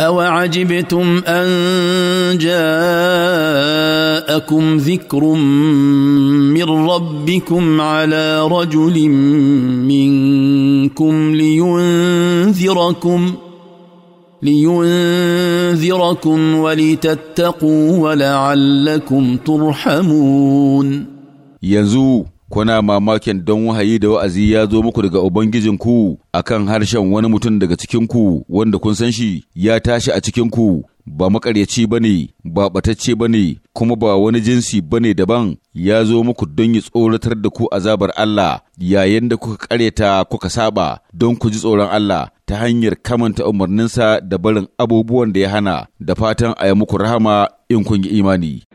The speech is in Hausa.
اوعجبتم ان جاءكم ذكر من ربكم على رجل منكم لينذركم لينذركم ولتتقوا ولعلكم ترحمون يزو kuna mamakin don wahayi da wa'azi ya zo muku daga Ubangijinku a kan harshen wani mutum daga cikin ku wanda kun san shi ya tashi a cikin ku ba makaryaci ba ne, ba ɓatacce ba ne, kuma ba wani jinsi ba ne daban ya zo muku don ya tsoratar da ku azabar Allah yayin da kuka karyata kuka saba don ku ji tsoron Allah ta hanyar kamanta umarninsa da barin abubuwan da ya hana da fatan a yi muku rahama in kun yi imani.